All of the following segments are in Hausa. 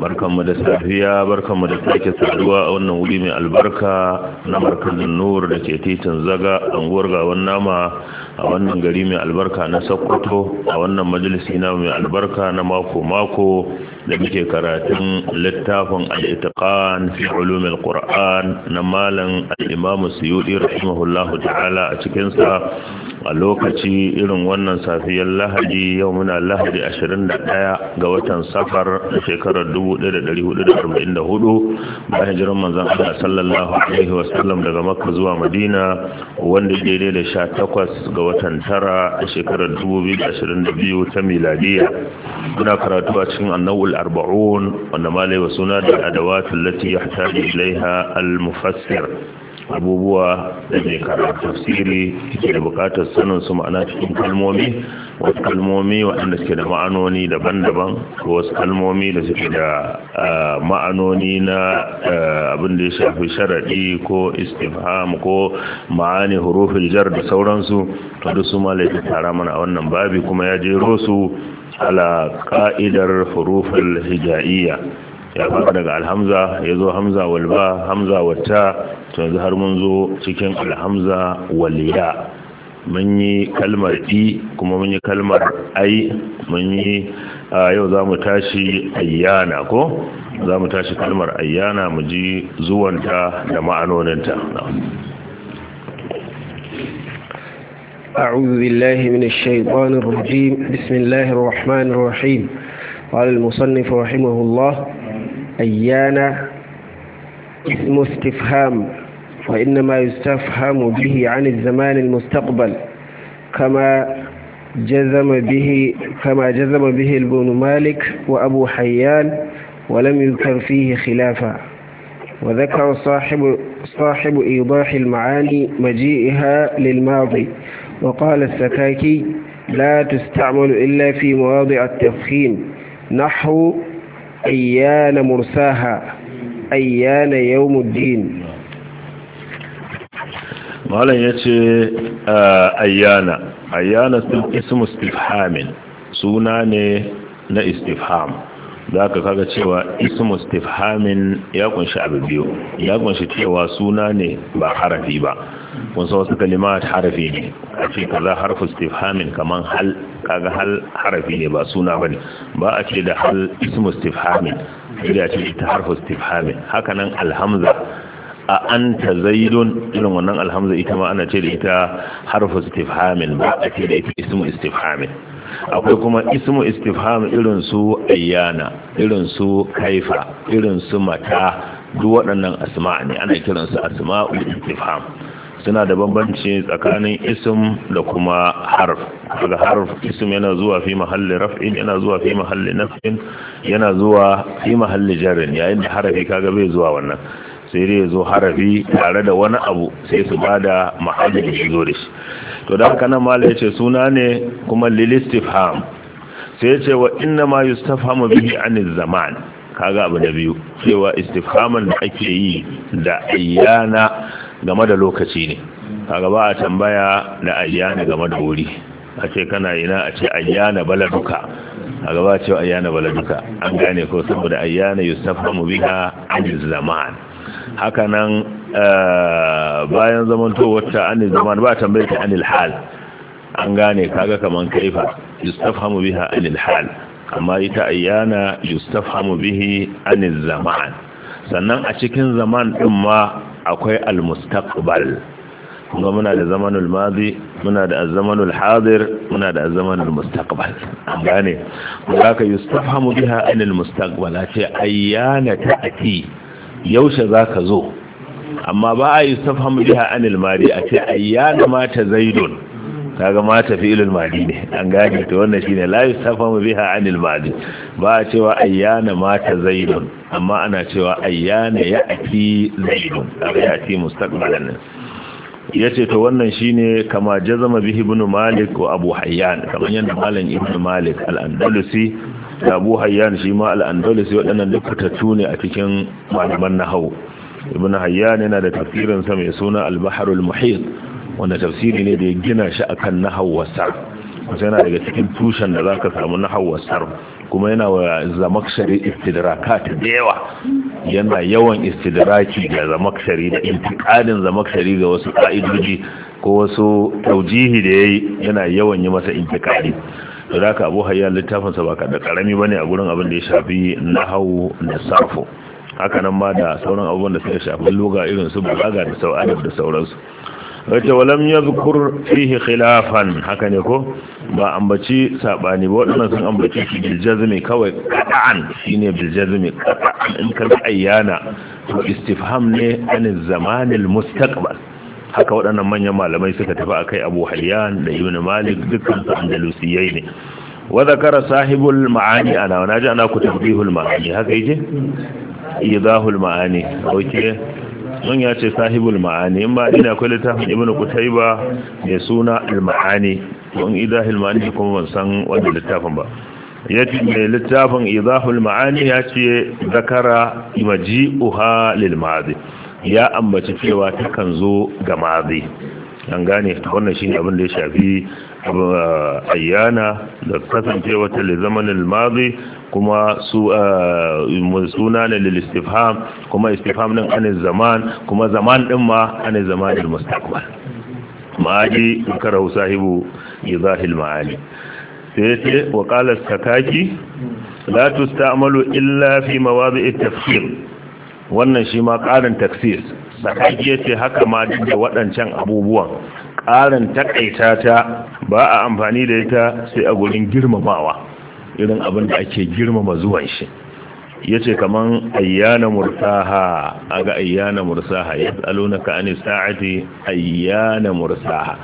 barkanmu da safiya barkanmu da sake saduwa a wannan wuri mai albarka na markazin nur da ke titin zaga anguwar gawan nama a wannan gari mai albarka na sokoto a wannan majalisi na mai albarka na mako mako da muke karatun littafin al'itaƙan fi ulumin ƙura'an na malin al'imamu suyuɗi rahimahullahu ta'ala a cikinsa a lokaci irin wannan safiyar lahadi yau muna lahadi 21 ga watan safar da shekarar 1444 bayan jiran manzan ala sallallahu alaihi wasallam daga makka zuwa madina wanda daidai da 18 ga watan tara da shekarar 2022 ta miladiya muna karatu a cikin annawul al-arba'un wanda malai suna da adawatu lati ilaiha al-mufassir abubuwa da mai tafsiri ke da bukatar sanin su ma'ana cikin kalmomi wasu kalmomi waɗanda suke da ma'anoni daban-daban ko wasu kalmomi da suke da ma'anoni na abin da ya shafi sharaɗi ko istifham ko ma'ani hurufin jar da sauransu to duk su malai tara mana a wannan babi kuma ya jero su ala ƙa'idar huruful hija'iyya ya fara daga alhamza ya zo hamza walba hamza wata yanzu har mun zo cikin alhamza waliya mun yi kalmar i kuma mun yi kalmar ai mun yi yau za mu tashi ayyana ko za mu tashi kalmar ayyana mu ji zuwanta da ma'anoninta أعوذ بالله من الشيطان الرجيم بسم الله الرحمن الرحيم قال المصنف رحمه الله أيانا اسم استفهام وإنما يستفهم به عن الزمان المستقبل كما جزم به كما جزم به ابن مالك وأبو حيان ولم يذكر فيه خلافا وذكر صاحب صاحب إيضاح المعاني مجيئها للماضي وقال السكاكي لا تستعمل إلا في مواضع التفخيم نحو أيان مرساها أيان يوم الدين malam ya ce ayyana ayyana ism suna ne na istifham za ka kaga cewa ism istifhamin ya kunshi abu biyu ya kunshi cewa suna ne ba harafi ba kun sa wasu kalimat harafi ne a ce kaza harfu istifhamin kaman hal kaga hal harafi ne ba suna bane ba a ce da hal ismu istifhamin sai a ce ta harfu istifhamin haka nan alhamza a anta zaidun irin wannan alhamza ita ma ana ce da ita harfu istifhamin ba a ce da ita ismu istifhamin akwai kuma ismu istifham irin su ayyana irin su kaifa irin su mata duk waɗannan asma ne ana kiransu ul istifham suna da bambanci tsakanin isim da kuma harf daga harf ism yana zuwa fi mahalli raf'in yana zuwa fi mahalli nafin yana zuwa fi mahalli jarrin yayin da harafi kaga bai zuwa wannan sai dai zo harafi tare da wani abu sai su bada mahalli da shi zo da shi to da haka nan malai yace suna ne kuma lilistifham sai yace wa inna ma yustafhamu bihi an zaman kaga abu na biyu cewa istifhaman da ake yi da ayyana game da lokaci ne a gaba a tambaya da ayyana game da wuri a ce kana ina a ce ayyana baladuka a gaba a ce ayyana baladuka an gane ko saboda ayyana mu biha an zaman hakanan eh, bayan zamantowarta an zaman ba tambayar ta anil hal an gane kaga kaman kaifa mu biha anil hal amma ita ayyana mu bihi anil zaman sannan a cikin zaman din ma akwai al-mustaqbal kuma muna da zamanul madi muna da zamanul hadir muna da zamanul mustaqbal an gane zaka yustafhamu biha anil mustaqbal ce ayyana ta'ati yaushe za ka zo amma ba a yi yustafhamu biha anil madi a ce ayyana mata zaidun kaga ma tafilul madi ne an gane to wannan shine la yusafamu biha anil madi ba a cewa ayyana mata zaidun amma ana cewa ayyana ya aki zaidun kaga ya ci mustaqbalan yace to wannan shine kama jazama bihi ibn malik wa abu hayyan kaman yanda malam ibn malik al-andalusi da abu hayyan shi ma al-andalusi waɗannan duk fitattu ne a cikin malaman nahawu ibn hayyan yana da tafsirin sa mai suna al-bahrul muhit wanda tafsiri ne da ya gina shi akan nahau wasar wasu yana daga cikin tushen da za ka samu nahau kuma yana wa zamakshari istidrakat da yawa yana yawan istidraki ga zamakshari da intiqadin zamakshari ga wasu ka'idoji ko wasu taujihi da yayi yana yawan yi masa intiqadi da za ka Abu Hayyan littafin ba ka da karami ne a gurin abin da ya shafi nahau da safo haka nan ma da sauran abubuwan da suka shafi loga irin su balaga da sau'adar da sauransu wace walam ya zukur fihi khilafan haka ne ko ba ambaci sabani ba waɗannan sun ambaci shi biljazmi kawai kada'an shine biljazmi kada'an in ka ayyana to istifham ne an zamanil mustaqbal haka waɗannan manyan malamai suka tafi akai Abu halyan da Ibn Malik dukkan su andalusiyai ne wa zakara sahibul ma'ani ana wa naji ana ku tabbihul ma'ani haka yake idahul ma'ani okay don ya ce sahibul ma'ani in ba ina akwai littafin ibnu Kutaiba mai suna al don idahil ma'ani kuma ban san wanda littafin ba ce mai littafin idahul ma'ani ya ce zakara uha lil ma'azi ya ambaci cewa ta kan zo ga ma'azi an gane wannan shi abin da ya shafi uh, ayyana da kasancewa ta lizamanin ma'azi kuma su eh, suna ne lil istifham kuma istifham din an zaman kuma zaman din ma an zaman al mustaqbal ma'aji karahu sahibu idahil ma'ani sai sai wa qala sakaki la tusta'malu illa fi mawadi'i tafsir wannan shi ma ƙarin taksir sakaki yace haka ma duk da waɗancan abubuwan ƙarin takaita ta ba a amfani da ita sai a gurin girmamawa irin abin da ake girmama zuwan shi Ya ce kaman ayyana mursaha aga ayyana mursaha ka ani sa'adi ayyana mursaha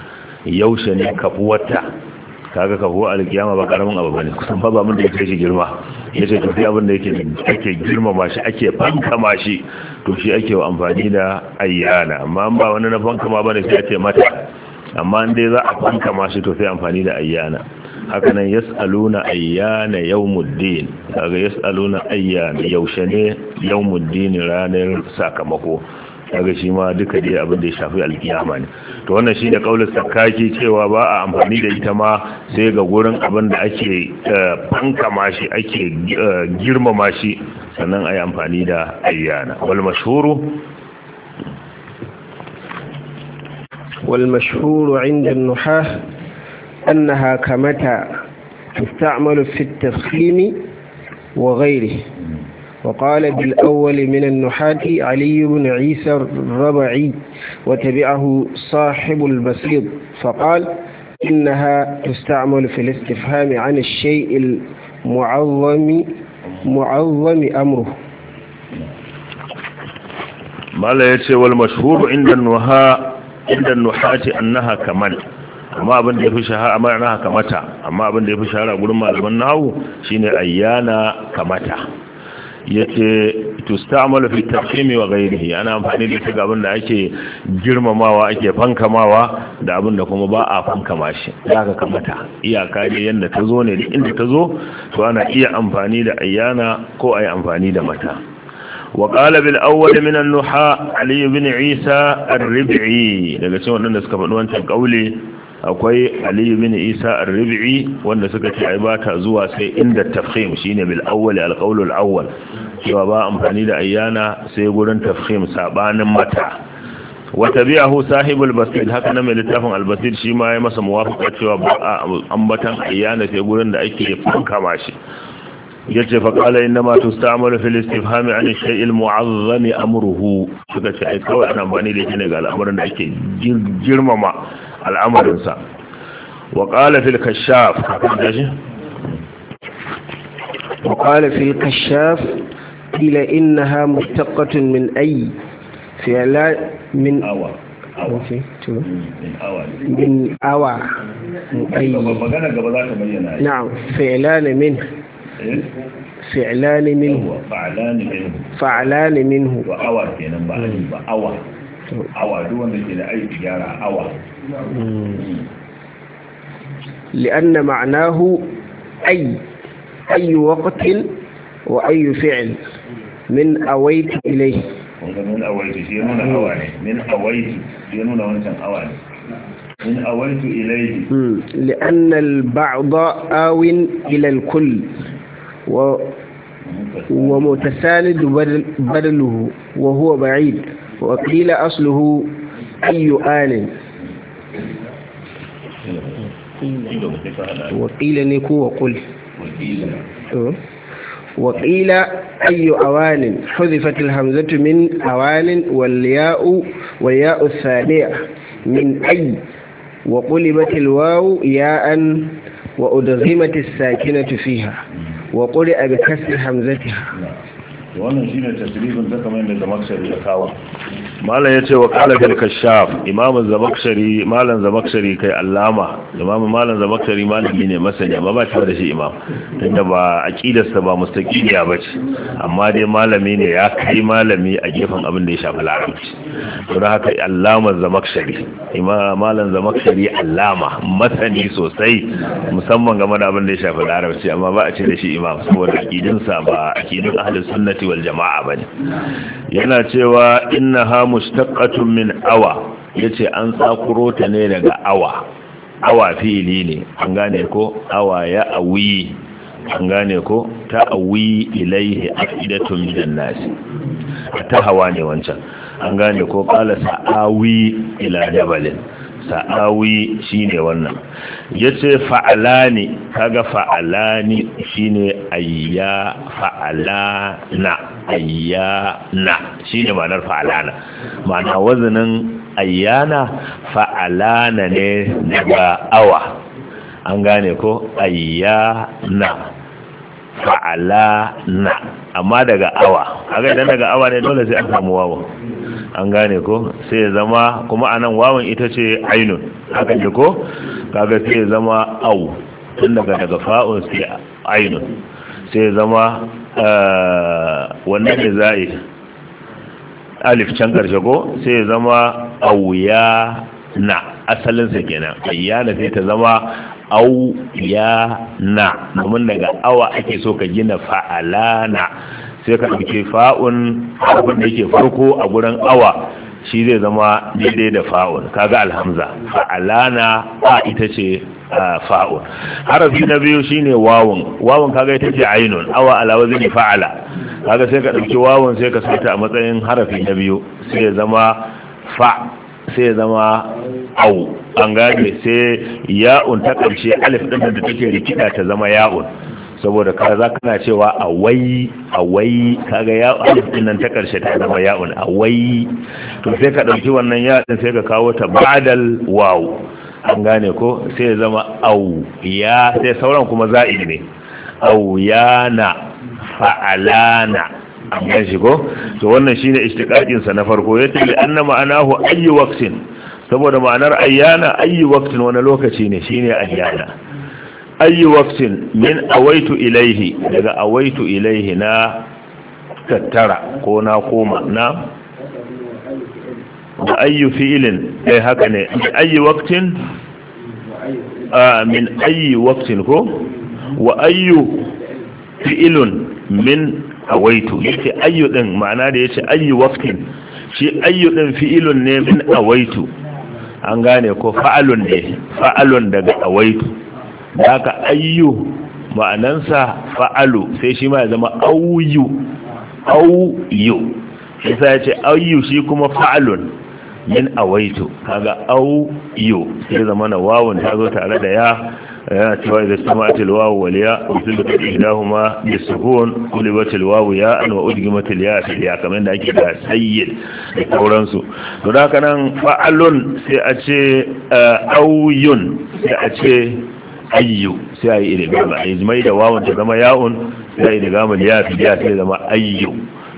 yaushe ne kafuwata kaga kafuwa alkiyama ba karamin abu bane kusan ba ba mun da yake shi girma ya to sai abin da yake ake ma shi ake ma shi to shi ake wa amfani da ayyana amma ba wani na ma bane sai ake mata amma in dai za a ma shi to sai amfani da ayyana haka nan yas'aluna ayyana yawmuddin kaga yas'aluna ayyana yaushe ne yawmuddin ranar sakamako kaga shi ma duka dai abin da ya shafi alkiyama ne to wannan shine kaulin sakaki cewa ba a amfani da ita ma sai ga gurin abin da ake eh, fanka shi ake eh, girmama shi sannan ayi amfani da ayyana wal mashhuru wal mashhuru 'inda an-nuhah أنها كمتى تستعمل في التفخيم وغيره وقال بالأول من النحاة علي بن عيسى الربعي وتبعه صاحب البسيط فقال إنها تستعمل في الاستفهام عن الشيء المعظم معظم أمره ما لا يتسوى المشهور عند النحاة عند النحاة أنها كمال amma abin da ya fi shahara amma yana kamata amma abin da ya fi shahara gurin malaman nahu shine ayyana kamata yace tustamalu fi tafhimi wa ghayrihi ana amfani da shi ga abin da ake girmamawa ake fankamawa da abin da kuma ba a fankama shi zaka kamata iyaka ne yanda ta zo ne inda ta zo to ana iya amfani da ayyana ko ayi amfani da mata وقال بالأول من النحاء علي بن عيسى الربعي لقد da suka نسكب أنوان تنقولي akwai aliyu bin isa ar wanda suka ce ai ba ta zuwa sai inda tafhim shine bil awwal al-qawl al-awwal cewa ba amfani da ayyana sai gurin tafhim sabanin mata wa tabi'ahu sahibul basir haka nan mai littafin al-basir shi ma ya masa muwafaqa cewa ba ambatan ayyana sai gurin da ake kama shi yace fa qala inna ma tusta'malu fil istifham an ash-shay'i muazzam amruhu suka ce ai kawai ana amfani da shi ne ga al'amuran da ake girmama al'amarinsa wa ƙala kashaf wa ƙala kashaf ila innaha mustaqatun min ayi fiyala min awa min awa mm, ayi na'am fiyala min فعلان منه فعلان منه فعلان منه وأوى كينا awa duk wanda ke da aiki gyara awa لأن معناه أي أي وقت وأي فعل من أويت إليه من أويت أواني من أويت أواني من أويت إليه لأن البعض آو إلى الكل و ومتساند بدله وهو بعيد وقيل أصله أي آل وقيل نكو وقل وقيل أي أوان حذفت الهمزة من أوان والياء والياء الثانية من أي وقلبت الواو ياء وأدغمت الساكنة فيها وقرئ بكسر همزتها وانا جينا tasrifin ta kamar yadda Zamakhshari malam ya ce wa kala bil kashaf imamun zamakshari malam zamakshari kai allama imamu malam zamakshari malami ne masani amma ba tare da shi imam tunda ba aqidarsa ba mustaqiya bace amma dai malami ne ya kai malami a gefen abin da ya shafi larabci don haka allama zamakshari malam zamakshari allama masani sosai musamman game da abin da ya shafi larabci amma ba a ce da shi imam saboda akidinsa ba akidin ahlus sunnati wal jama'a bane yana cewa ha mustaqatun min awa yace an tsakuro ta ne daga awa awa fili ne an gane ko awa ya awi an gane ko ta awi ilaihi afidatun minan nasi ta hawa ne wancan an gane ko kala sa'awi ila jabalin sa'awi shine wannan yace fa'alani kaga fa'alani shine ayya fa'alana ayyana shine ma'anar fa'alana ma'ana wazanin ayyana fa'alana ne daga awa an gane ko ayyana fa'alana amma daga awa kaga idan daga awa ne dole sai an samu wawa an gane ko sai zama kuma anan wawan ita ce ainun haka ne ko kaga sai zama au tun daga daga fa'un sai ainun sai zama eh, wannan ne za'i alif can karshe ko sai zama ya na asalinsa kenan ayyana sai ta zama au ya na domin daga awa ake so ka gina fa'alana sai ka ɗauke fa'un abin da yake farko a gurin awa shi zai zama daidai da fa'un kaga alhamza fa'alana a ita ce fa'un harafi na biyu shine wawun wawun kaga ita ce ainun awa alawa zai fa'ala kaga sai ka ɗauki wawun sai ka saita a matsayin harafi na biyu sai zama fa sai zama au an gane sai ya'un ta ƙarshe alif ɗin da take rikida ta zama ya'un saboda ka za kana cewa awai awai kaga ya alifin nan ta karshe ta zama ya'un awai to sai ka ɗauki wannan ya din sai ka kawo ta badal waw an gane ko sai ya zama au ya sai sauran kuma za'i ne au fa'alana an gan shi ko to wannan shine istiqaqin sa na farko yace li anna ma'anahu ayyu waqtin saboda ma'anar ayyana ayyu waqtin wani lokaci ne shine ayyana ayi waktin min awaitu ilaihi daga awaitu ilaihi na tattara ko na koma na da ayi fi'ilin dai haka ne ayi A min ayi waktin ko wa ayi fi'ilun min awaitu yake ayi din ma'ana da yace ayi waktin shi ayi din fi'ilun ne min awaitu an gane ko fa'alun ne fa'alun daga awaitu da haka ayyu ma'anansa fa'alu sai shi ma ya zama auyu auyu isa ya ce auyu shi kuma fa'alun min awaitu kaga auyu sai zama na wawun ta zo tare da ya yana cewa idan samatil wawu wal ya usulta ihdahuma bisukun qulibatil wawu ya an wa udgimatil ya fil ya kamar da ake da sayyid da sauransu to da haka nan fa'alun sai a ce eh, auyun sai a ce ayyu sai ayi idgama ayi mai da wawun ta zama ya'un sai ayi idgama ya fi ya sai zama ayyu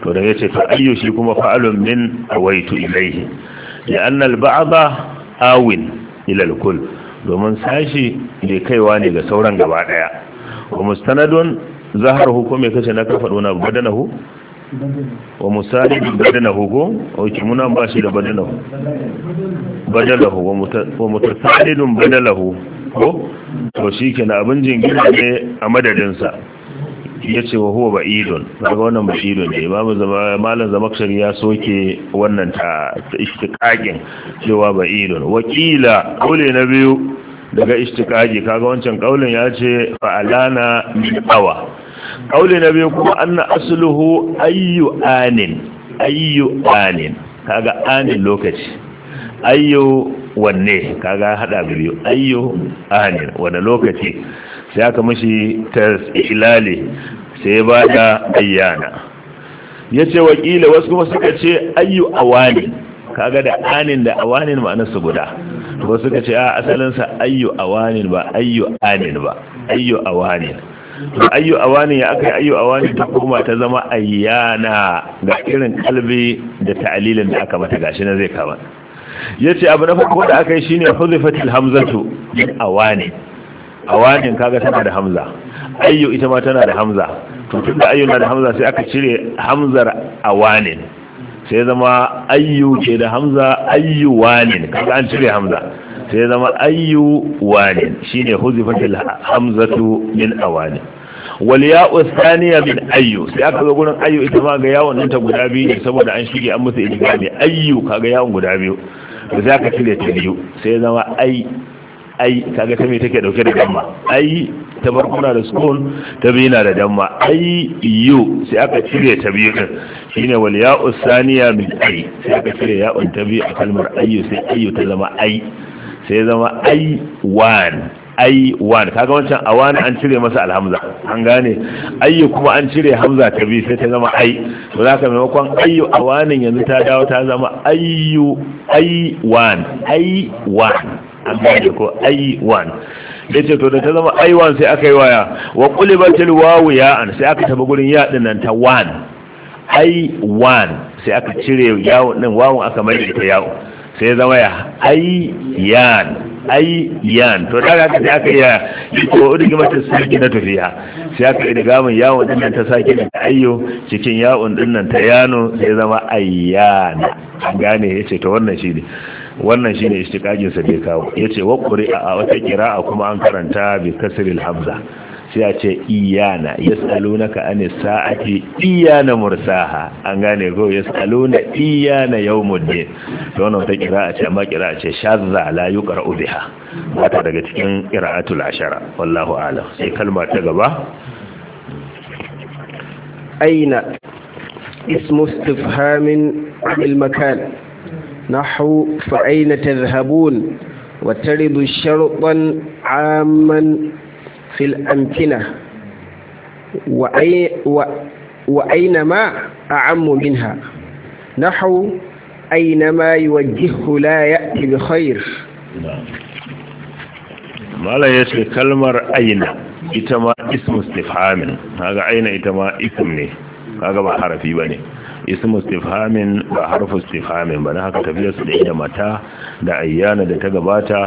to da yace fa ayyu shi kuma fa'alun min awaitu ilayhi ya anna al bada awin ila al-kull domin sashi ne kaiwa ne ga sauran gaba daya wa mustanadun zahar hukume kace na kafa dona badanahu wa musali badanahu ko ki muna ba shi da badanahu badanahu wa mutasalidun badanahu ko to shi ke na abin jingina ne a madadinsa ya ce wa huwa ba'idun daga wannan ba'idun ne imamu malam zamakshari ya soke wannan ta ishtiƙaƙin cewa ba'idun wakila ƙaule na biyu daga ishtiƙaƙi kaga wancan ƙaunin ya ce fa'alana min awa kaule na biyu kuma na asuluhu ayyu anin ayyu anin kaga anin lokaci ayyu wanne kaga hada biyu ayyo ahalin wani lokaci sai aka mashi ilali sai ba da ayyana ya ce wakila wasu kuma suka ce ayyu awani kaga da anin da awanin su guda ko suka ce a asalinsa ayyu awanin ba ayyu anin ba ayyu awanin ayyu awani ya aka ayyu awani ta kuma ta zama ayyana ga irin kalbi da ta'alilin da aka mata gashi na zai kama yace abu na farko da aka yi shine huzifatil hamzatu min awani awanin kaga tana da hamza ayyo ita ma tana da hamza to tunda ayyu na da hamza sai aka cire hamzar awanin sai zama ayyo ke da hamza ayyo wanin kaga an cire hamza sai zama ayyu wanin shine huzifatil hamzatu min awanin wal ya'u thaniya min ayyu sai aka zo gurin ayyu ita ma ga yawon nan ta guda biyu ne saboda an shige an musu idgami ayyu kaga yawon guda biyu to sai aka cire ta biyu sai zama ai ai kaga ta me take dauke da damma ai ta farko na da sukun ta biyu na da damma ai yu sai aka cire ta biyu din shine wal ya'u saniya min ai sai aka cire ya'un ta biyu a kalmar ayyu sai ayyu ta zama ai sai zama ai wan wani kaga wancan wani an cire masa alhamza an gane ayyu kuma an cire hamza ta bi sai ta zama ai to zaka maimakon ayyu a wani yanzu ta dawo ta zama ayyu aiwan aiwan an gane ko aiwan yace to da ta zama aiwan sai aka yi waya wa qulibatil wawu ya'an sai aka tafi gurin ya din nan ta wan aiwan sai aka cire yawo din wawun aka mai da ita yawo sai zama ya aiyan ayyan to da ka aka iya ko rigima ta sai na tafiya sai aka riga mun yawon din nan ta saki da ayyo cikin yawon din nan ta yano sai zama ayyana an gane yace to wannan shi wannan shine istiqaqin sa da kawo yace wa qur'a a wata qira'a kuma an karanta bi kasril hamza sai a ce iyana ka ane sa'ati iyana mursaha an gane ko yas'aluna iyana yawmuddin to wannan ta kira a ce amma kira a ce shazza la yuqra'u biha wata daga cikin qira'atul ashara wallahu a'lam sai kalma ta gaba aina ismu istifhamin anil makan ta zahabun wa taridu شرطا عاما fil amkina وأينما أعم منها نحو أينما يوجهه لا يأتي بخير ما لا يشك كلمة أين إتما اسم استفهام هذا أين إتما اسم هذا ما حرفي بني ismu istifhamin ba harfu istifhamin ba na haka tafiyar su da mata da ayyana da ta gabata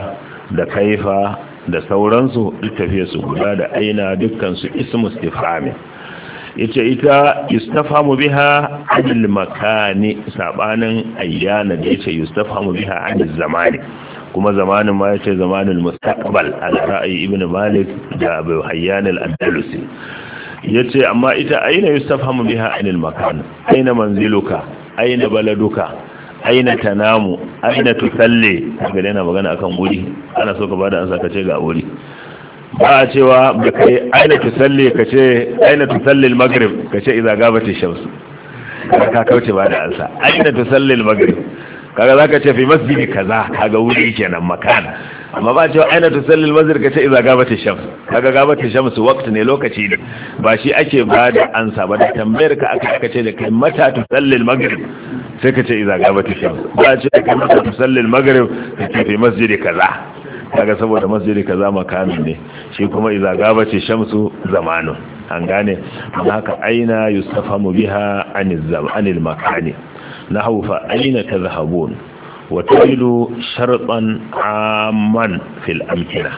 da kaifa da sauransu duk fiye su guda da aina dukkansu ismu istifhami yace ita yustafhamu biha anil makani sabanin ayyana da yace yustafhamu biha anil zamani kuma zamanin ma yace "Zamanin mustaqbal al ra'ayi ibn malik da abu hayyan al andalusi yace amma ita aina yustafhamu biha anil makan aina manziluka aina baladuka aina ta namu, aina tusalle kaga yana magana akan wuri ana so ka bada ansa ce ga wuri ba a cewa ba kai aina tusalle ce, aina tusalle al ka ce, 'Iza gabata shamsu?' shams ka kauce ba da ansa aina tusalle al-maghrib kaga zaka ce fi masjidi kaza kaga wuri nan makana. amma ba a cewa aina tusallil mazir kace idza gabati shams kaga gabata shamsu' waqt ne lokaci ne ba shi ake ba da ansa ba da tambayar ka aka ce da kai mata tusallil maghrib sai ka ce iza gaba ta shams ce ka masa musallin magrib ka ce fi masjidi kaza kaga saboda masjidi kaza makamin ne shi kuma iza gaba ce shamsu zamanu an gane haka aina yustafamu biha anil zam anil makani nahwu fa aina zahabun. Wata tajidu shartan amman fil amkina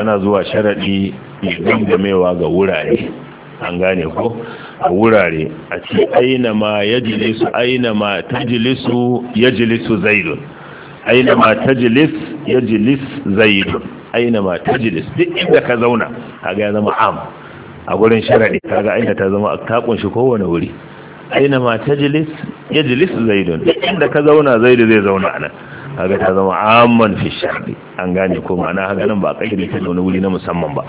Ana zuwa sharadi idan gamewa ga wurare an gane ko a wurare a ce aina ma ya jilisu aina ma ta jilisu ya jilisu zaidun aina ma ta jilis ya jilis zaidun aina ma ta jilis duk inda ka zauna a ga zama am a gurin sharadi ga aina ta zama ta kunshi kowane wuri aina ma ta jilis ya jilis zaidun duk inda ka zauna zaidu zai zauna a nan kaga ta zama amman fi sharri an gane ko ma'ana haka nan ba a kaidi ta wani wuri na musamman ba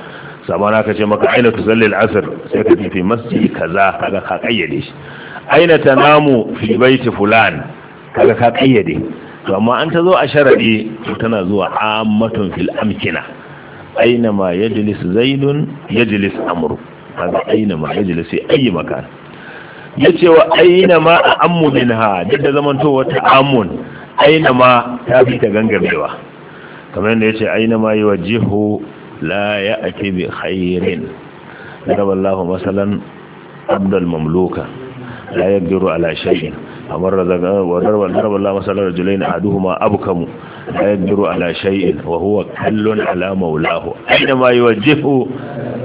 sabon aka ce maka aina tu salli Asir sai ka fi masjid kaza kaga ka kayyade shi aina namu fi baiti fulan kaga ka kayyade to amma an ta zo a sharadi to tana zuwa ammatun fil amkina aina ma yajlis zaidun yajlis amru kaga aina ma yajlis ayi makan yace wa aina ma ammu minha duk da zamantowa ta amun aina ma ta fi ta gangamewa kamar yadda yace aina ma yuwajjihu la ya ake bi khairin daraballahu masalan abdul mamluka la yaqdiru ala shay'in amar razaqa wa daraballahu masalan rajulain ahaduhuma abkamu la yaqdiru ala shay'in wa huwa kallun ala aina ma yuwajjihu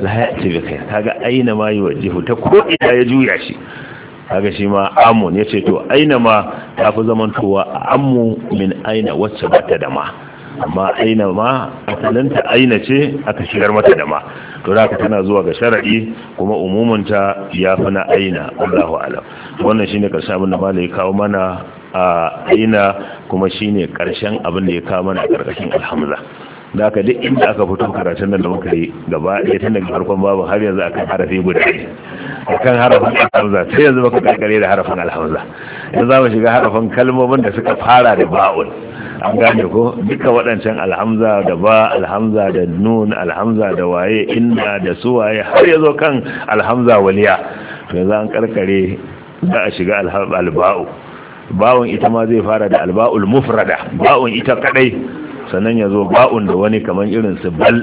la ya'ti bi khair kaga aina ma yuwajjihu ta ko ina ya juya shi kaga shi ma amun yace to aina ma tafi zamantowa amu min aina wacce bata da ma amma aina ma asalinta aina ce aka shigar mata da ma to da tana zuwa ga sharadi kuma umumunta ya fi na aina Allahu alam wannan shine karshen abin da malai kawo mana a aina kuma shine karshen abin da ya kawo mana a karkashin alhamza da aka duk inda aka fito karatun nan da muka yi gaba ɗaya tun daga farkon babu har yanzu akan harafi guda ne akan harafin alhamza sai yanzu baka karkare da harafin alhamza yanzu za mu shiga harafin kalmomin da suka fara da ba'ul an gane ko duka waɗancan alhamza da ba alhamza da nun alhamza da waye inda da su waye har yazo kan alhamza waliya to yanzu an karkare za a shiga alba'u ba'un ita ma zai fara da alba'ul mufrada ba'un ita kadai sannan yazo zo ba'un da wani kamar irin su bal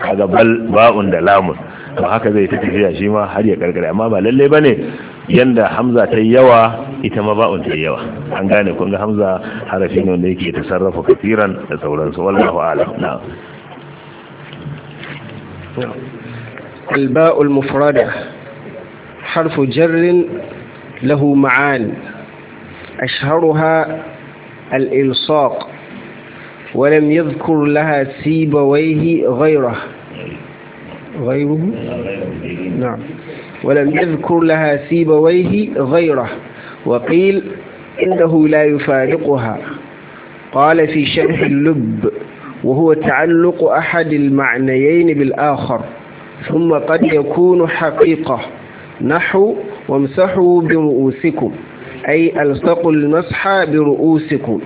kaga bal ba'un da lamun to haka zai ta tafiya shi ma har ya gargara amma ba lalle bane yanda hamza ta yawa ita ma ba'un ta yawa an gane kun ga hamza harafi ne wanda yake tasarrafa kafiran da sauransu wallahu a'lam na'am الباء المفردة حرف جر له معان أشهرها الإلصاق ولم يذكر لها سيبويه غيره غيره نعم ولم يذكر لها سيبويه غيره وقيل إنه لا يفارقها قال في شرح اللب وهو تعلق أحد المعنيين بالآخر ثم قد يكون حقيقة نحو وامسحوا برؤوسكم أي ألصقوا المسح برؤوسكم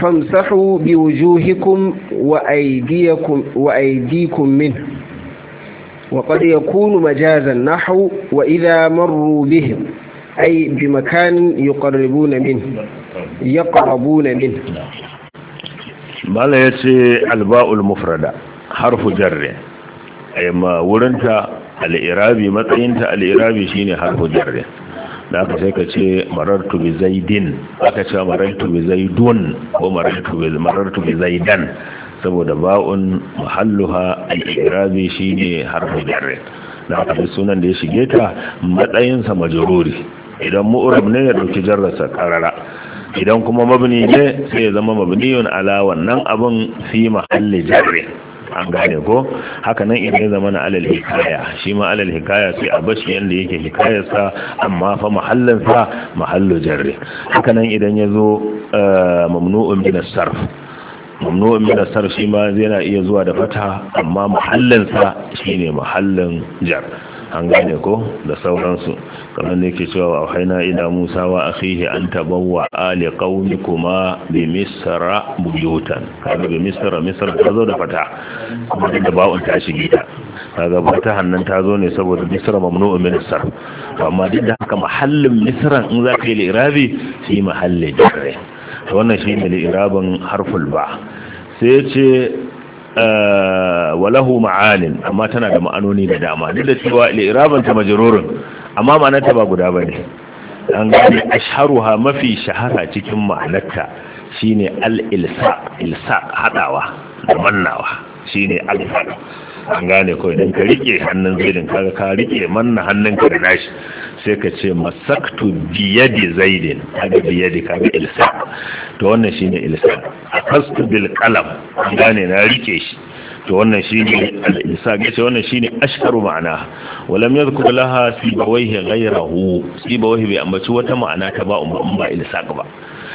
فامسحوا بوجوهكم وأيديكم, وأيديكم منه وقد يكون مجازا نحو وإذا مروا بهم أي بمكان يقربون منه يقربون منه ما لا الباء المفردة حرف جر أي ما ورنت الإرابي ما تنت الإرابي شيني حرف جر لا كسيك شيء مررت بزيدين لا كسيك مررت بزيدون ومررت بزيدان saboda ba'un mahalluha al-i'rabi shine harfin jarri da aka sunan da ya shige ta matsayinsa majruri idan mu'rab ne ya dauki jarrarsa karara idan kuma mabni ne sai ya zama mabniyun ala wannan abun fi mahalli jarri an gane ko haka nan idan ya zama na alal hikaya shi ma alal hikaya sai a bashi yanda yake hikayarsa amma fa mahallinsa mahallu jarri haka nan idan ya zo eh, mamnu'un min sarf mamnuwan min asar shi ma yana iya zuwa da fata amma mahallinsa shine mahallin jar an gane ko da sauransu kamar ne yake cewa wa haina ila Musa wa akhihi an wa ali qaumikuma bi misra buyutan kaga bi misra misra ta zo da fata kuma da ba'un ta shige ta kaga fata hannan ta zo ne saboda misra mamnu min sar amma duk da haka mahallin misran in zaka yi lirabi shi mahallin jar. ta wannan shi ne li'irabin harful ba sai ce eh, walahu ma'anin amma tana da ma'anoni da dama duk da cewa li'irabin ta majarurin amma ma'anarta ba guda ba ne an gani asharuha mafi shahara cikin ma'anarta shine al-ilsa haɗawa da mannawa shine al an gane kawai idan ka rike hannun zai kaga ka rike manna ka da nashi sai ka ce masaktu biyadi zaidin kaga biyadi kaga ilsa to wannan shine ilsa akastu bil qalam gane na rike shi to wannan shine al-ilsa gace wannan shine ashkaru ma'ana walam yadhkur laha sibawayhi ghayrahu sibawayhi bai ambaci wata ma'ana ta ba umma ba ilsa ba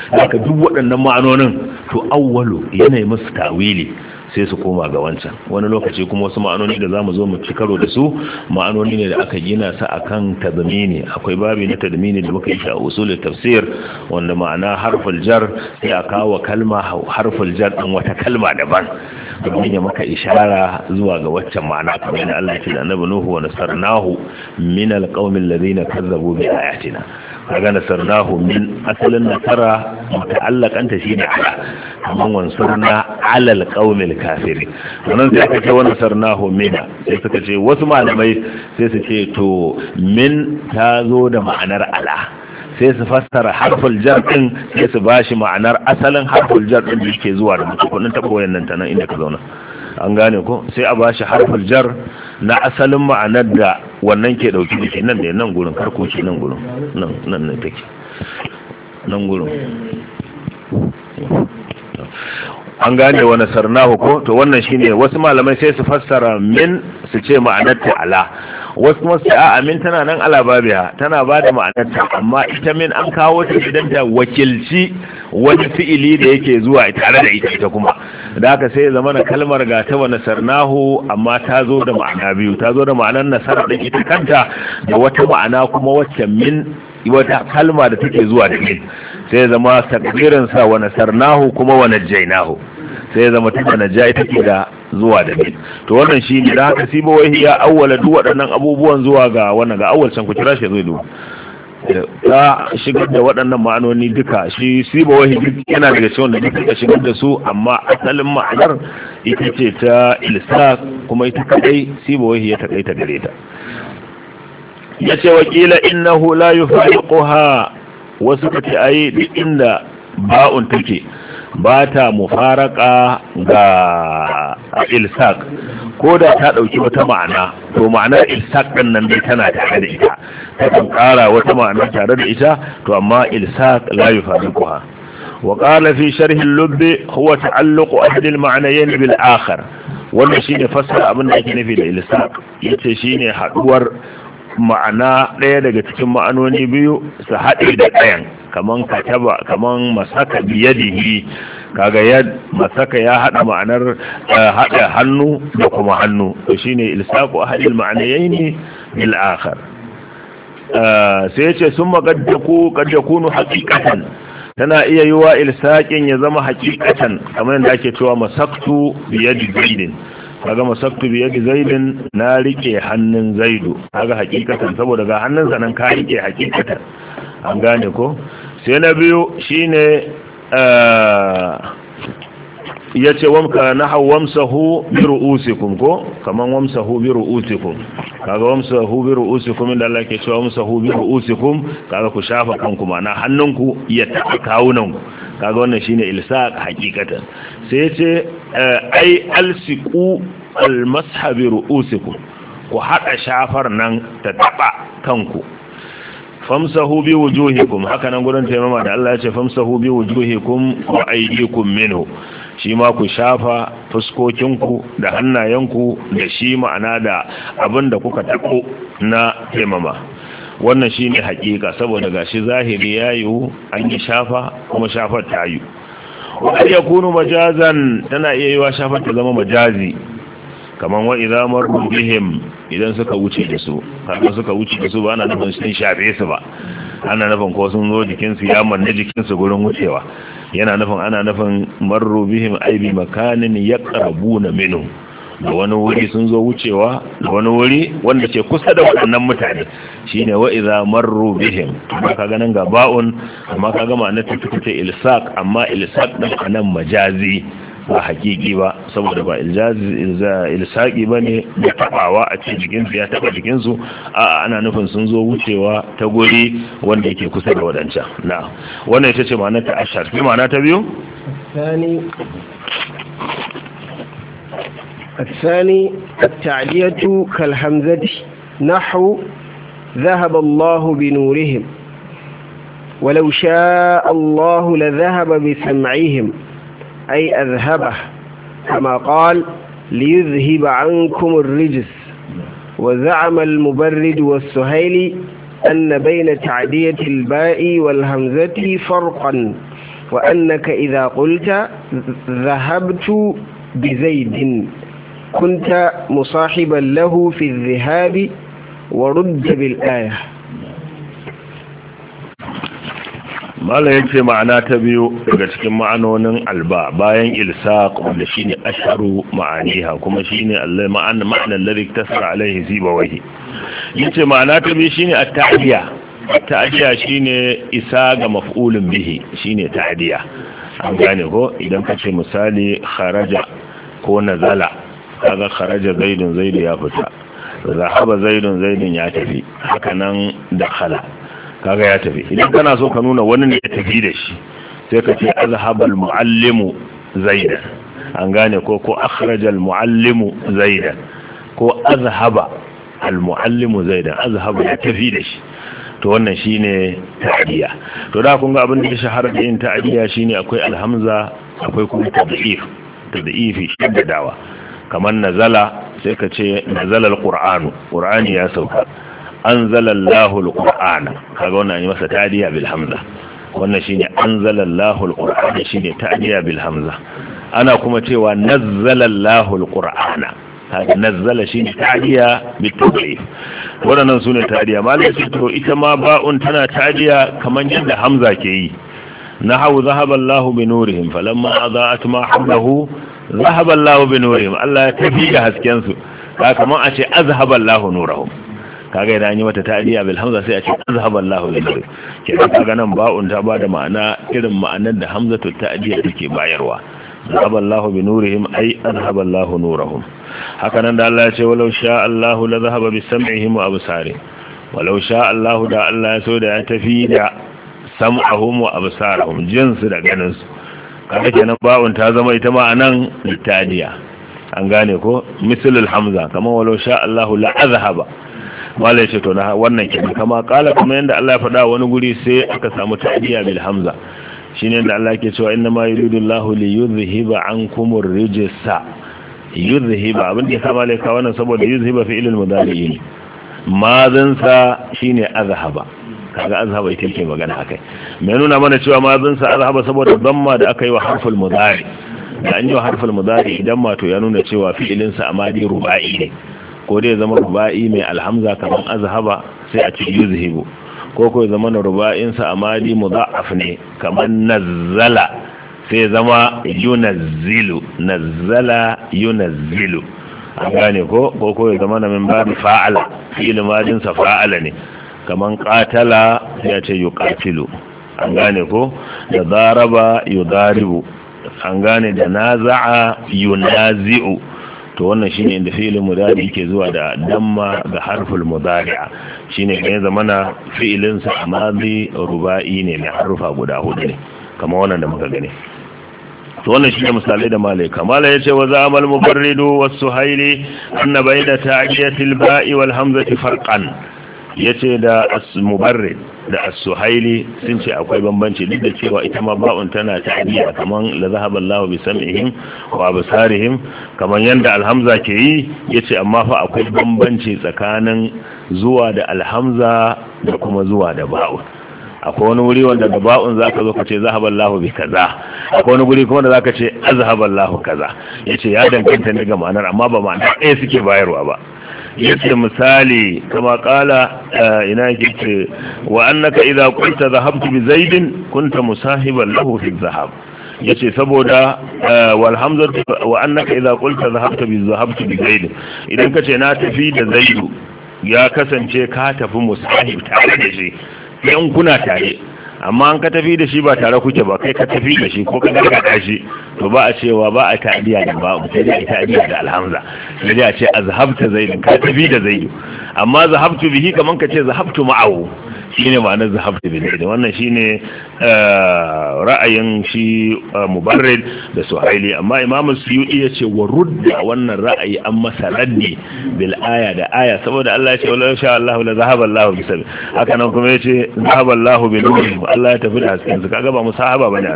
haka duk waɗannan ma'anonin to awwalu yana musu tawili sai su koma ga wancan wani lokaci kuma wasu ma'anoni da zamu zo mu ci karo da su ma'anoni ne da aka gina su akan tadmini akwai babi na tadmini da muka yi a usulul tafsir wanda ma'ana harful jar ya kawo kalma harful jar din wata kalma daban domin ya maka ishara zuwa ga waccan ma'ana kamar yadda Allah ya ce da annabi Nuhu wa nasarnahu min alqaumil ladina kazzabu bi ayatina kaga nasarnahu min asalin nasara muta'allaqanta shine ala amma wansarna ala alqaumil kafirin wannan sai aka ce wa nasarnahu mina sai suka ce wasu malamai sai su ce to min ta zo da ma'anar ala sai su fassara harful jar din sai su bashi ma'anar asalin harful jar din da yake zuwa da mutum kun tabo wayannan tanan inda ka zauna an gane ko sai a bashi harful jar na asalin ma'anar da wannan ke dauki da ke nan da nan gurin karko ce nan gurin nan nan ne take nan gurin an gane wa sarnahu ko to wannan shine wasu malamai sai su fassara min su ce ma'anar ta'ala wasu masu a amin tana nan alababiya tana ba da ma'anarta amma ita min an kawo ta idan ta wakilci wani fi'ili da yake zuwa tare da ita ita kuma da haka sai zama na kalmar ga ta wani sarnahu amma ta zo da ma'ana biyu ta zo da ma'anar nasara da ita kanta da wata ma'ana kuma wacce min wata kalma da take zuwa da min sai zama takdirin sa wani sarnahu kuma wa jainahu sai zama tunda naja'i take da zuwa da ni. to wannan shi ne da haka sibo wai ya awwala duk waɗannan abubuwan zuwa ga wannan ga awwal can ku kira shi zai zo. ta shigar da waɗannan ma'anoni duka shi sibo wai yana daga cikin da duka shigar da su amma asalin ma'anar ita ce ta ilsa kuma ita kadai sibo wai ya takaita gare ta yace wakila innahu la yufariquha wasu kace ayi duk inda ba'un take ba ta mufaraka ga ilsaq ko da ta ɗauki wata ma'ana to ma'anar ilsaq ɗin nan dai tana tare da ita ta kan wata ma'ana tare da ita to amma ilsaq la yufarikuha wa qala fi sharh al-lubb huwa ta'alluq ahad al-ma'nayayn bil akhar wannan shine fassara abin da ake nufi da ilsaq yace shine haduwar ma'ana ɗaya daga cikin ma'anoni biyu su haɗe da ɗayan kaman kataba kaman masaka biyadihi kaga ya masaka ya haɗa ma'anar eh, haɗa hannu da kuma hannu to shine ilsaqu haɗin ma'anayayn bil akhar eh, sai yace sai qad sun yakunu haqiqatan tana iya yiwa ilsaqin ya zama haqiqatan kamar yadda ake cewa masaktu biyadi jadin kaga masaktu bi yadi zaidin na rike hannun zaidu kaga hakikatan saboda ga hannun sa nan ka rike hakikatan an gane ko sai na biyu shine eh, ya ce wamka na hu biru ru'usikum ko kaman hu biru usikum, kaga wamsa hu biru usikum inda Allah ke cewa hu biru usikum kaga ku shafa kanku na hannunku ya taɓa kawunan ku kaga wannan shine ilsaq hakikatan sai ya ce eh, ai alsiku almasha biru usikum ku haɗa shafar nan ta taɓa kanku famsahu bi wujuhikum haka nan gurin taimama da Allah ya ce famsahu bi wujuhikum wa aydikum minhu shi ma ku shafa fuskokinku da hannayenku da shi ma'ana da abin da kuka tako na taimama wannan shi ne hakika saboda shi zahiri ya yiwu an yi shafa kuma shafar ta yi wadda ya kunu majazan tana iya yiwa shafar ta zama majazi kamar wa izamar bihim idan suka wuce da su kamar suka wuce da su ba ana nufin sun shafe su ba ana nufin ko sun zo jikinsu ya manne jikinsu wucewa yana nufin ana nufin marru bihim aibi makanin na minu da wani wuri sun zo wucewa da wani wuri wanda ke kusa da waɗannan mutane shine wa idza marru bihim amma ka ganin ga ba'un amma ka ga na ta ilsaq amma ilsaq din nan majazi ba hakiki ba saboda ba ilsaƙi ba ne da taɓawa a ce jikinsu ya taɓa jikinsu a ana nufin sun zo wucewa ta guri wanda yake kusa da waɗancan na wannan ita ce ma'ana ta ashar fi ma'ana ta biyu الثاني التعلية كالهمزة نحو ذهب الله بنورهم ولو شاء الله لذهب بسمعهم أي أذهبه كما قال ليذهب عنكم الرجس وزعم المبرد والسهيلي أن بين تعدية الباء والهمزة فرقا وأنك إذا قلت ذهبت بزيد كنت مصاحبا له في الذهاب ورد بالآية mala yace ma'ana ta biyu daga cikin ma'anonin alba bayan ilsaq wanda shine asharu ma'aniha kuma shine Allah ma'an ma'anan ladhi tasra alaihi wahi yace ma'ana ta biyu shine at-ta'diya at-ta'diya shine isa ga maf'ulun bihi shine ta'diya an gane ko idan ce misali kharaja ko nazala kaga kharaja zaidun zaidu ya fita zahaba zaidun zaidun ya tafi hakanan dakhala kaga ya tafi idan kana so ka nuna wani ne ya tafi da shi sai ka ce azhabal muallimu zaida an gane ko ko akhrajal muallimu zaida ko azhaba al muallimu zaida azhaba ya tafi da shi to wannan shine ta'diya to da kun ga abin da ya shahara da yin ta'diya shine akwai alhamza akwai kuma tad'if tad'ifi dawa kamar nazala sai ka ce nazala alqur'anu qur'ani ya sauka anzalallahu alqur'ana kaga wannan yi masa tadiya bil hamza wannan shine anzalallahu alqur'ana shine tadiya bil hamza ana kuma cewa nazzalallahu alqur'ana kaga nazzala shine tadiya bil tawqif wannan sune tadiya malai to ita ma ba'un tana tadiya kaman yadda hamza ke yi nahawu zahaba Allahu bi nurihim falamma adaa'at ma hawlahu zahaba Allahu bi nurihim Allah ya tafi ga hasken su kaman a ce azhaba Allahu nurahum kaga idan an yi mata tariya bil hamza sai a ce azhaba Allahu bil ke kaga nan ba un ta bada ma'ana irin ma'anar da hamzatu ta'diya take bayarwa azhaba Allahu bi nurihim ai azhaba Allahu nurahum haka nan da Allah ya ce walau sha Allahu la zahaba bi sam'ihim wa absari walau sha Allahu da Allah ya so da ya tafi da sam'ahum wa absarahum jinsu da ganin su kaga kenan ba un ta zama ita ma ta'diya an gane ko mislul hamza kamar walau sha Allahu la azhaba malai ce to na wannan kenan kama kala kuma yanda Allah ya faɗa wani guri sai aka samu ta'diya bil hamza shine da Allah ke cewa inna ma yuridu Allahu li yuzhiba ankum ar-rijsa yuzhiba abin da kama lai ka wannan saboda yuzhiba fi ilal mudari'in mazan sa shine azhaba kaga azhaba ita ke magana akai me nuna mana cewa mazan sa azhaba saboda damma da aka yi wa harful mudari da an yi wa harful mudari idan ma to ya nuna cewa fi'ilin sa amadi ruba'i ne ko dai zama ruba'i mai alhamza kamar azhaba sai a ci yuzhibu ko ko zama na ruba'in sa amadi mudha'af ne kamar nazzala sai zama yunazzilu nazzala yunazzilu an gane ko ko ko zama na min babu fa'ala fi'il madin sa fa'ala ne kamar qatala sai a ce yuqatilu an gane ko da daraba yudaribu an gane da naza'a yunazi'u to wannan shine inda fi'ilin mudari yake zuwa da damma ga harful mudari'a shine zama na fi'ilin sa amadi ruba'i ne mai harufa guda hudu ne kamar wannan da muka gani to wannan shine misalai da malai kamala yace wa za'amal mufarridu was suhaili anna bayda ta'iyatil ba'i wal hamzati farqan ya ce da mubarre da as-suhaili sun ce akwai bambanci duk da cewa ita ma ba'un tana ta'diya kaman la zahaba Allah bi sam'ihim wa absarihim kaman yanda alhamza ke yi ya ce amma fa akwai bambanci tsakanin zuwa da alhamza da kuma zuwa da ba'un akwai wani wuri wanda da ba'un zaka zo ka ce zahaba Allah bi kaza akwai wani guri kuma da zaka ce azhaba Allah kaza Ya ce ya danganta ne ga ma'anar amma ba ma'ana ɗaya suke bayarwa ba yace misali kama kala ina yake wa annaka idza qulta dhahabtu bi zaidin kunta musahiban lahu fi dhahab yace saboda wal hamza wa annaka idza qulta dhahabtu bi dhahabtu bi zaidin idan kace na tafi da zaidu ya kasance ka tafi musahib tare da shi yan kuna tare amma an ka tafi da shi ba tare kuke ba kai ka tafi da shi ko ka da shi to ba a cewa ba a ta'diya da ba sai dai ta'diya da alhamza sai a ce azhabta zaid ka tafi da zaid amma zahabtu bihi kaman ka ce zahabtu ma'ahu shine ma'anar zahabta bin ilmi wannan shine eh, ra'ayin shi eh, mubarrid da suhaili amma imamu suyuti ya ce wa rudda wannan ra'ayi an masa raddi bil aya da aya saboda Allah ya ce wala insha Allah la zahaba Allah bi sabbi haka nan kuma ya ce zahaba Allah bi ilmi Allah ya tafi da hasken su kaga ba musahaba bane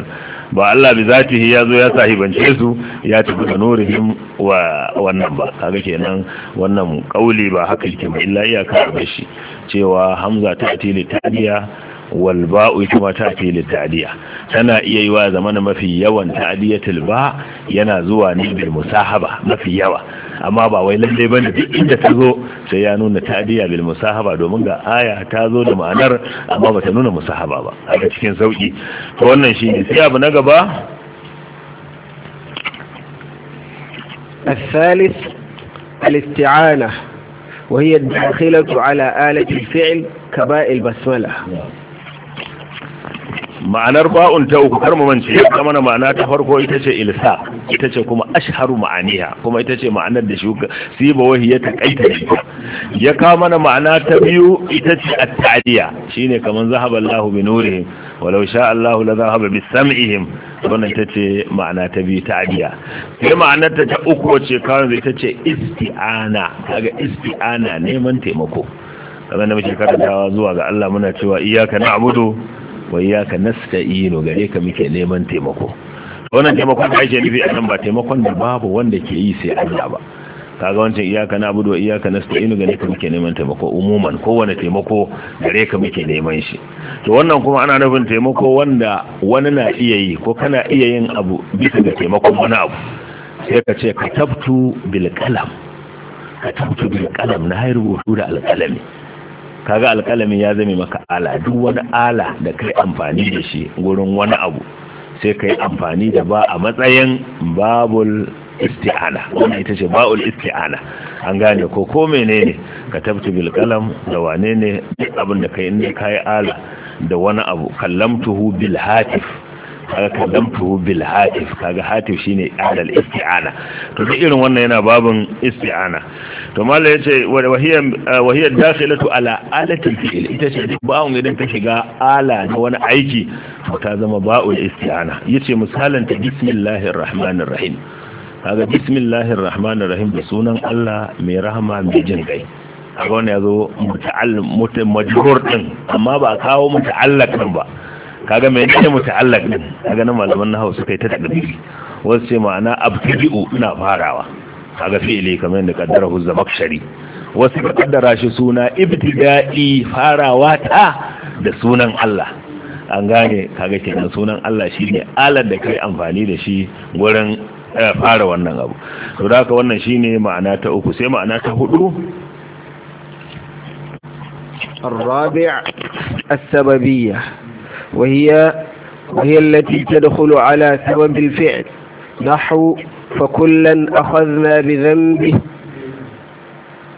ba Allah bi zatihi ya zo ya sahibance su ya tafi da nurihim wa wannan ba kaga kenan wannan kauli ba haka yake ba illa iyaka ba shi cewa hamza ta tili tadiya wal ba'u kuma ta tili tana iya yi wa mafi yawan tadiyatul ba yana zuwa ne bil musahaba mafi yawa amma ba wai lalle ne duk inda ta zo sai ya nuna ta'diya bil musahaba domin ga aya ta zo da ma'anar amma ba ta nuna musahaba ba haka cikin sauki to wannan ne sai abu na gaba الثالث الاستعانة وهي الداخلة على آلة الفعل كباء البسملة ma'anar ba'un ta uku kar mu mance ya zama na ma'ana ta farko ita ce ilsa ita ce kuma asharu ma'aniha kuma ita ce ma'anar da shuka siba wahi ya takaita da ita ya ka mana ma'ana ta biyu ita ce at-ta'diya shine kaman zahaba Allahu bi nurihim walau sha Allahu la zahaba bi sam'ihim wannan ita ce ma'ana ta biyu ta'diya sai ma'anar ta uku wace kawai ita ce isti'ana kaga isti'ana neman taimako kaman da muke karantawa zuwa ga Allah muna cewa iyyaka na'budu wa naska ino gare ka muke neman taimako wannan taimakon da ake nufi a nan ba taimakon da babu wanda ke yi sai Allah ba kaga wancan na budu iyaka nasta nasta'inu gare ka muke neman taimako umuman kowane taimako gare ka muke neman shi to wannan kuma ana nufin taimako wanda wani na iya yi ko kana iya yin abu bisa ga taimakon wani abu sai ka ce katabtu bil ka tabtu bil kalam na rubutu da alqalami kaga alƙalami ya zame maka ala duk wani ala da kai amfani da shi gurin wani abu sai kai amfani da ba a matsayin babul isti'ana wannan ita ce ba'ul isti'ana an gane ko ko menene ka tabtu bil qalam da wane ne duk abin da kai inda kai ala da wani abu kallamtuhu bil hatif kaga kallamtu bil hatif kaga hatif shine adal isti'ana to duk irin wannan yana babin isti'ana to mallaka yace wa hiya wa hiya uh, ala alati fi'l ita ce duk ba'un idan ka shiga ala na wani aiki to ta zama ba'ul isti'ana yace misalan ta bismillahir rahmanir rahim kaga bismillahir rahmanir rahim da sunan Allah mai rahama mai jin kai kaga wannan yazo muta'allim mutum din amma ba kawo muta'allakan ba kaga mai ne muta'allaq din kaga nan malaman nahawu suka yi ta tadbiri wasu ce ma'ana abtadi'u ina farawa kaga fi'ili kamar yadda qaddarahu zabakshari wasu ka kaddara shi suna ibtida'i farawa ta da sunan Allah an gane kaga kenan sunan Allah shine alar da kai amfani da shi gurin eh, fara wannan abu to haka wannan shine ma'ana ta uku sai ma'ana ta hudu الرابع السببية وهي وهي التي تدخل على سبب الفعل نحو فكلا أخذنا بذنبه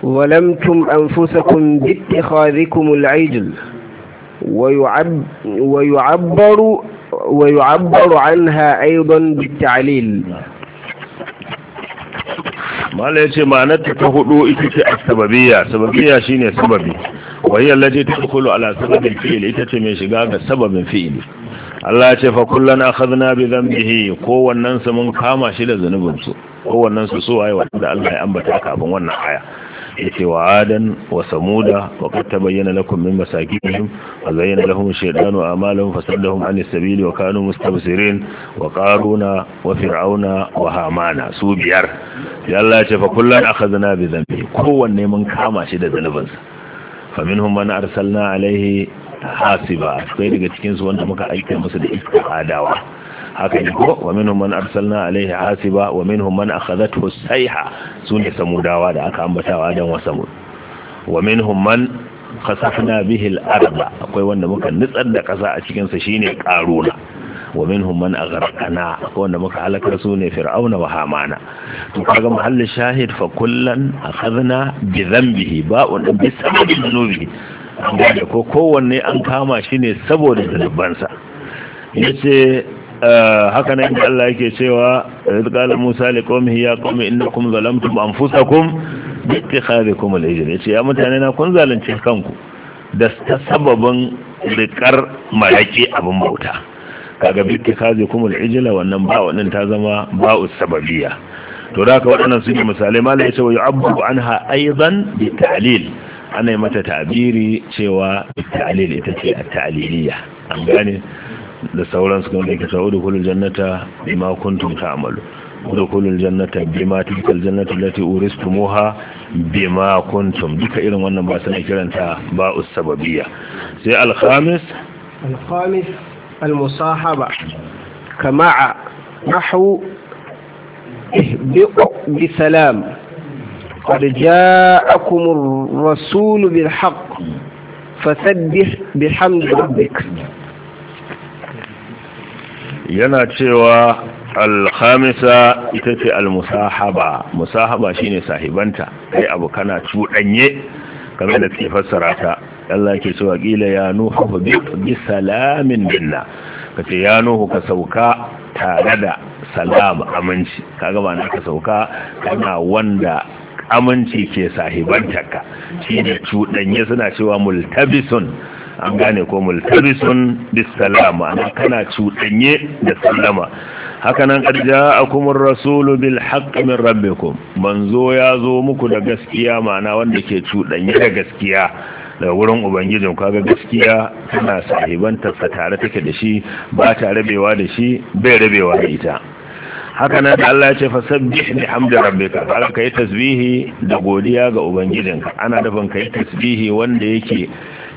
ولمتم أنفسكم باتخاذكم العجل ويعب ويعبر ويعبر عنها أيضا بالتعليل ما لا يجي معناتها تهدو إتكي السببية السببية شيني سببي wahiyar laje ta kulu ala sababin fi'il ita ce mai shiga ga sababin fi'il Allah ce fa kullun akhadna bi dhanbihi ko wannan su mun kama shi da zanubin su ko wannan su so ayi wanda Allah ya ambata kafin wannan aya yace wa adan wa samuda wa qad tabayyana lakum min masakinihim wa zayyana lahum shaytanu a'malahum fasaddahum 'anis sabili wa kanu mustabsirin wa qaruna wa fir'auna wa hamana su biyar ya Allah ya ce fa kullun akhadna bi dhanbihi kowanne mun kama shi da zanubinsa faminhum man arsalna alaihi hasiba akwai daga cikin su wanda muka aika musu da iska adawa haka ne ko wa minhum man arsalna alaihi hasiba wa minhum man akhadathu sayha sune samudawa da aka ambatawa dan wasamu wa minhum man khasafna bihi al-arba akwai wanda muka nitsar da kasa a cikin sa shine karuna wa minhum man aghraqna wanda muka halaka su ne fir'auna wa hamana to kaga mahallin shahid fa kullan akhadna bi dhanbihi ba'u bi sababi dhunubi da ko kowanne an kama shi ne saboda zunubansa yace eh, haka nan da Allah yake cewa qala Musa li qaumihi ya qawmi innakum zalamtum anfusakum bi ittikhadikum al-ijl yace ya mutane na kun zalunci kanku da sababin rikar maraki abin bauta kaga bi kaze kumul ijla wannan ba wannan ta zama ba'u sababiyya to da ka waɗannan su ne misalai malai ya ce wa yu'abbu anha aidan bi ta'lil ana yi mata ta'biri cewa bi ta'lil ita ce at-ta'liliyya an gane da sauransu kuma da ke sa'udu kulul jannata bima kuntum ta'malu udkhulul jannata bima tilkal jannatu allati uristumuha bima kuntum duka irin wannan ba sai kiranta ba usbabiyya sai al-khamis al-khamis المصاحبة كمع نحو اهبئوا بسلام قد جاءكم الرسول بالحق فسبح بحمد ربك yana cewa alhamisa ita ce almusahaba musahaba shine sahibanta kai abu kana cuɗanye kamar da ke fassara ta Allah ke so kila ya nuhu bi salamin minna kace ya nuhu ka sauka tare da salam aminci kaga ba na ka sauka kana wanda aminci ke sahibantaka. shi ne cuɗanye suna cewa multabisun an gane ko multabisun bisalama ana kana cuɗanye da sallama hakanan nan a kuma rasulu bil min rabbikum manzo ya zo muku da gaskiya Mana wanda ke cuɗanye da gaskiya da wurin ubangijin kaga gaskiya tana ta tare take da shi ba ta rabewa da shi bai rabewa da ita haka nan da Allah ya ce fasabbih hamdi rabbika kaga kai tasbihi da godiya ga ubangijinka ana dafin kai tasbihi wanda yake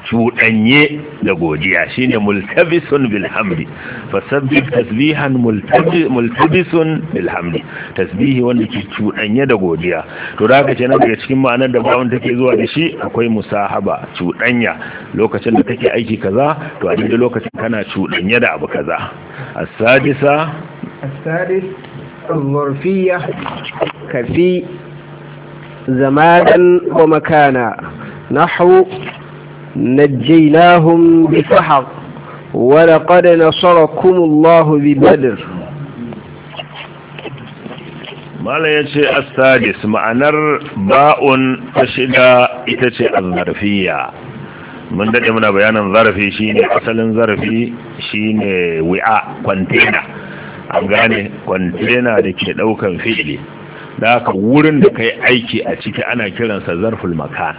cuɗanye da godiya shine multabisun bilhamdi fasabbi tasbihan multabisun bilhamdi tasbihi wanda ke cuɗanye da godiya to da haka ce na daga cikin ma'anar da bawon take zuwa da shi akwai musahaba cuɗanya lokacin da take aiki kaza to a duk lokacin kana cuɗanye da abu kaza asadisa asadis al kafi zamanan wa makana nahwu نجيناهم بسحر ولقد نصركم الله ببدر mala ya ce astadis ma'anar ba'un ta shida ita ce azarfiya mun daɗe mana bayanin zarafi shine asalin zarafi shine wi'a kwantena an gane kwantena da ke ɗaukan fi'ili da haka wurin da kai aiki a ciki ana kiransa zarful makan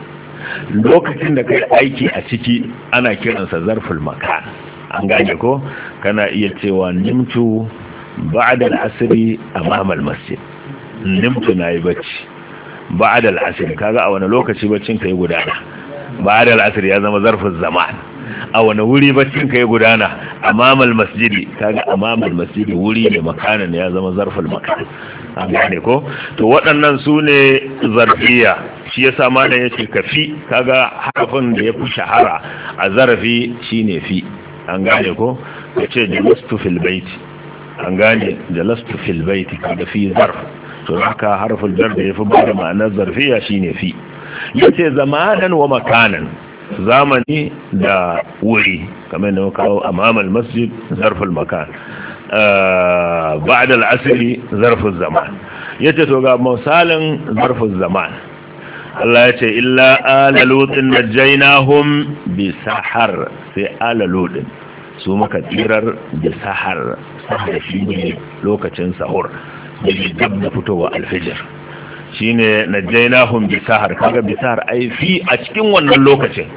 lokacin da kai aiki a ciki ana kiransa zarful makan an gane ko kana iya cewa nimtu ba'da al-asri amama al-masjid nimtu nayi bacci ba'da al-asri kaga a wani lokaci baccin kai gudana ba'da al-asri ya zama zarful zaman a wani wuri baccin kai gudana amama al-masjid kaga amama al-masjid wuri ne makanan ya zama zarful makan an gane ko to waɗannan su ne zarfiya shi ya sa malam ya ce ka fi kaga harafin da ya fi shahara a zarafi ne fi an gane ko ka ce jalastu fil baiti an gane jalastu fil baiti kaga fi zarf to haka harafin jar da ya fi bada ma'anar zarfiya ne fi ya ce zamanan wa makanan zamani da wuri kamar da kawo amamal masjid zarfin makan ba'ad al'asiri zarfin zama. ya ce to ga misalin zarfin zaman Allah ya ce illa alalutin da jainahun bi sahar sai alalutin su maka tsirar da sahar sahar shi ne lokacin sahur da gab da fitowa alfijir shi ne na jainahun bi sahar kaga bi sahar ai fi a cikin wannan lokacin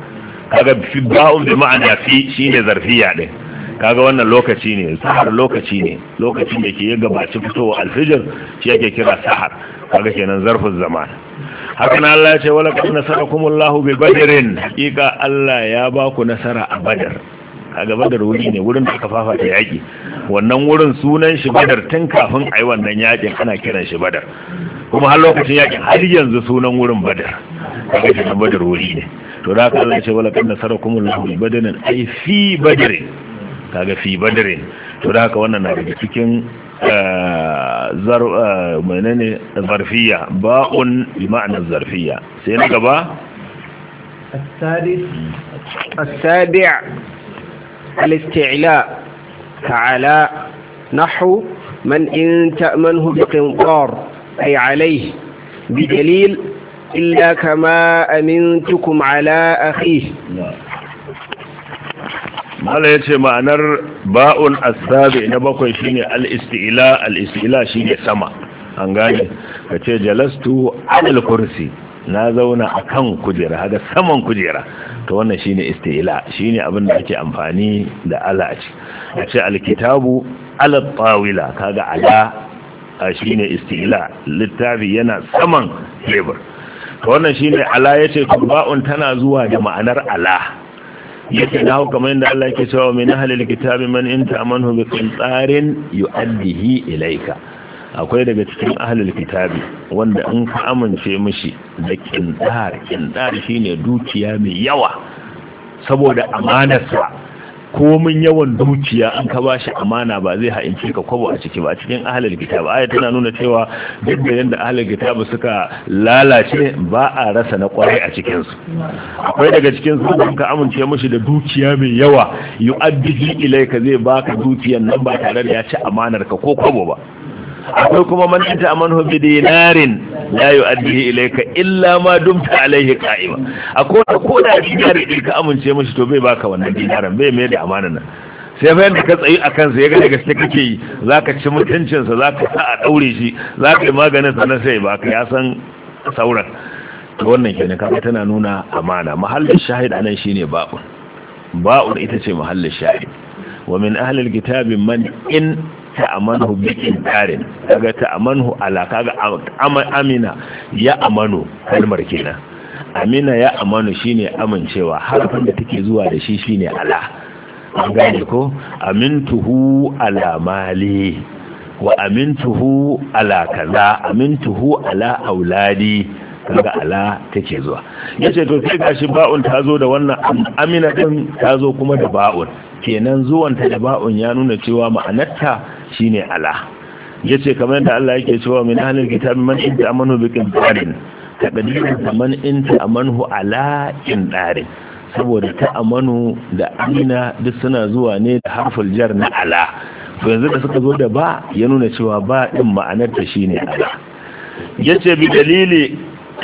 kaga fi ba'un bi ma'ana fi shi ne zarfiya ɗin kaga wannan lokaci ne sahar lokaci ne lokacin da ke yi gabaci fitowa alfijir shi yake kira sahar kaga kenan zarfin zaman haka na Allah ya ce wala kan Allah bi badrin hakika Allah ya ba ku nasara a badar kaga badar wuri ne wurin da aka fafata yaki wannan wurin sunan shi badar tun kafin ayi wannan yakin ana kiran shi badar kuma har lokacin yakin har yanzu sunan wurin badar kaga shi badar wuri ne to da haka Allah ya ce wala kan Allah bi badrin ai fi badrin kaga fi badrin to da haka wannan na daga cikin eh, zar eh, menene zarfiya ba'un bi ma'anar zarfiya sai na gaba السابع الاستعلاء كعلاء نحو من إن تأمنه بقنطار أي عليه بدليل إلا كما أمنتكم على أخيه mala yace ma'anar ba'un asabi na bakwai shine al-istila al-istila shine sama an gane ka ce jalastu al kursi na zauna akan kujera haga saman kujera to wannan shine istila shine abin da ake amfani da ala a ce alkitabu ala tawila kaga ala shine istila littafi yana saman lebur to wannan shine ala yace ba'un tana zuwa da ma'anar ala yake na kamar yadda Allah yake cewa min ahlil kitabi man in ta'manhu bi qintarin yu'addihi ilayka akwai daga cikin ahlul kitabi wanda in ka amince mishi da qintar qintar shine dukiya mai yawa saboda amanar amanarsa komin yawan dukiya an ka ba shi amana ba zai ha'ince ka kwabo a ciki ba cikin ahlul kitab aya tana nuna cewa duk da yanda ahlul kitab suka lalace ba a rasa na kwarai a cikin su akwai daga cikin su da ka amince mushi da dukiya mai yawa yu'addi ilayka zai baka dukiyan nan ba tare da ya ci amanar ka ko kwabo ba akwai kuma man ta amanhu bi dinarin la yu'addihi ilayka illa ma dumta alayhi qa'ima akwai ko da dinari din ka amince mishi to bai baka wannan dinarin bai mai da amana nan sai fa yanda ka tsayi a kansa ya ga daga gaske kake yi zaka ci mutuncinsa zaka sa a daure shi zaka yi maganin sa na sai baka ya san sauran to wannan kenan kafa tana nuna amana mahallin shahid anan shine ba'un ba'un ita ce mahallin shahid wa min ahlil kitabi man in amanu bi inkarin kaga amanu ala kaga amina ya amanu kalmar kenan amina ya amanu shine amincewa harafin da take zuwa da shi shine ala an gane ko amintuhu ala mali wa amintuhu ala kaza amintuhu ala auladi kaga ala take zuwa yace to sai gashi ba'un ta zo da wannan amina din ta zo kuma da ba'un kenan zuwan ta da ba'un ya nuna cewa ma'anarta shine ala yace kamar yadda Allah yake cewa min ahlil kitab man in amanu bi qintarin taqdirin man in amanu ala qintarin saboda amanu da amina duk suna zuwa ne da harful jar na ala to yanzu da suka zo da ba ya nuna cewa ba din ma'anar ta shine ala yace bi dalili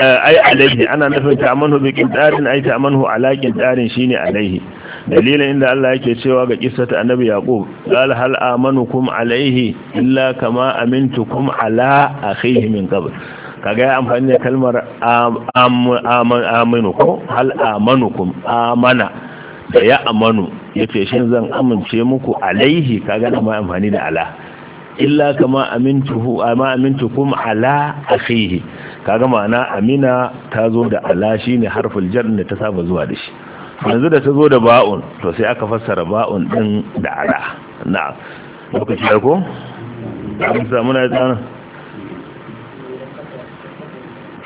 eh, ai alaihi ana nufin amanu bi qintarin ai amanu ala qintarin shine alaihi dalilin inda Allah yake cewa ga kissata annabi yaqub qal hal amanukum alayhi illa kama amintukum ala akhihi min qabl kaga ya amfani da kalmar amanu ko hal amanukum amana da ya amanu yace shin zan amince muku alaihi kaga da mai amfani da ala illa kama amintuhu ama amintukum ala akhihi kaga ma'ana amina ta zo da ala shine harful jar da ta saba zuwa da shi yanzu da ta zo da ba'un to sai aka fassara ba'un din da ala na lokaci da ko amsa samu na tsana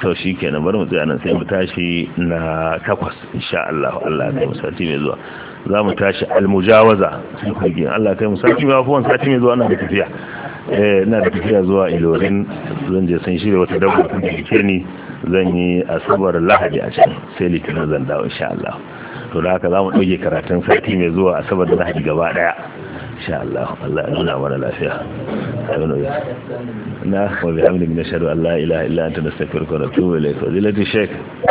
to shi na bari mutu tsaya nan sai mu tashi na takwas insha Allah Allah yi musati mai zuwa za mu tashi almujawaza sun ku yi Allah yi musati mai wafuwan sati mai zuwa na da tafiya eh ina da tafiya zuwa Ilorin zan je san shirya wata dabba ta ke ni zan yi asabar Lahadi a can sai litinin zan dawo insha Allah to da haka za mu ɗauke karatun sati mai zuwa a saboda za a ji gaba ɗaya insha Allah Allah ya nuna mana lafiya ayyana ya na wa bihamdik nashhadu an la ilaha illa anta nastaghfiruka wa natubu ilayk fadilati shaykh